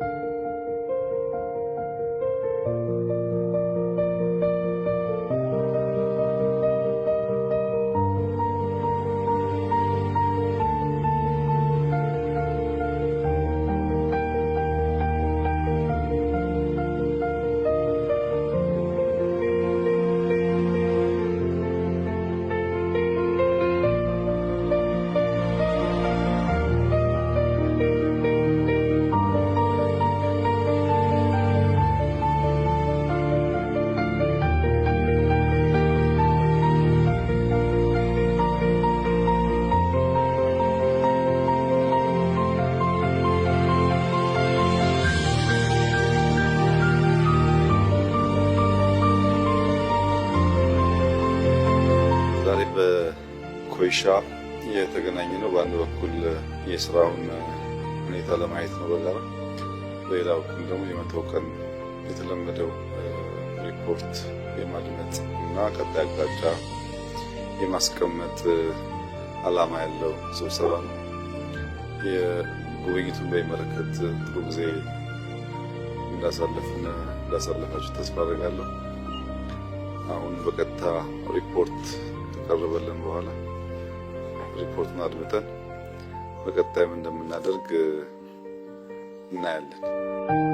thank you በኮይሻ የተገናኘ ነው። በአንድ በኩል የስራውን ሁኔታ ለማየት ነው በጋራ በሌላ በኩል ደግሞ የመቶ ቀን የተለመደው ሪፖርት የማድመጥ እና ቀጣይ አቅጣጫ የማስቀመጥ አላማ ያለው ስብሰባ ነው። የጉብኝቱን በሚመለከት ጥሩ ጊዜ እንዳሳለፍን እንዳሳለፋችሁ ተስፋ አደርጋለሁ። አሁን በቀጥታ ሪፖርት ከቀረበልን በኋላ ሪፖርቱን አድምጠን በቀጣይም እንደምናደርግ እናያለን።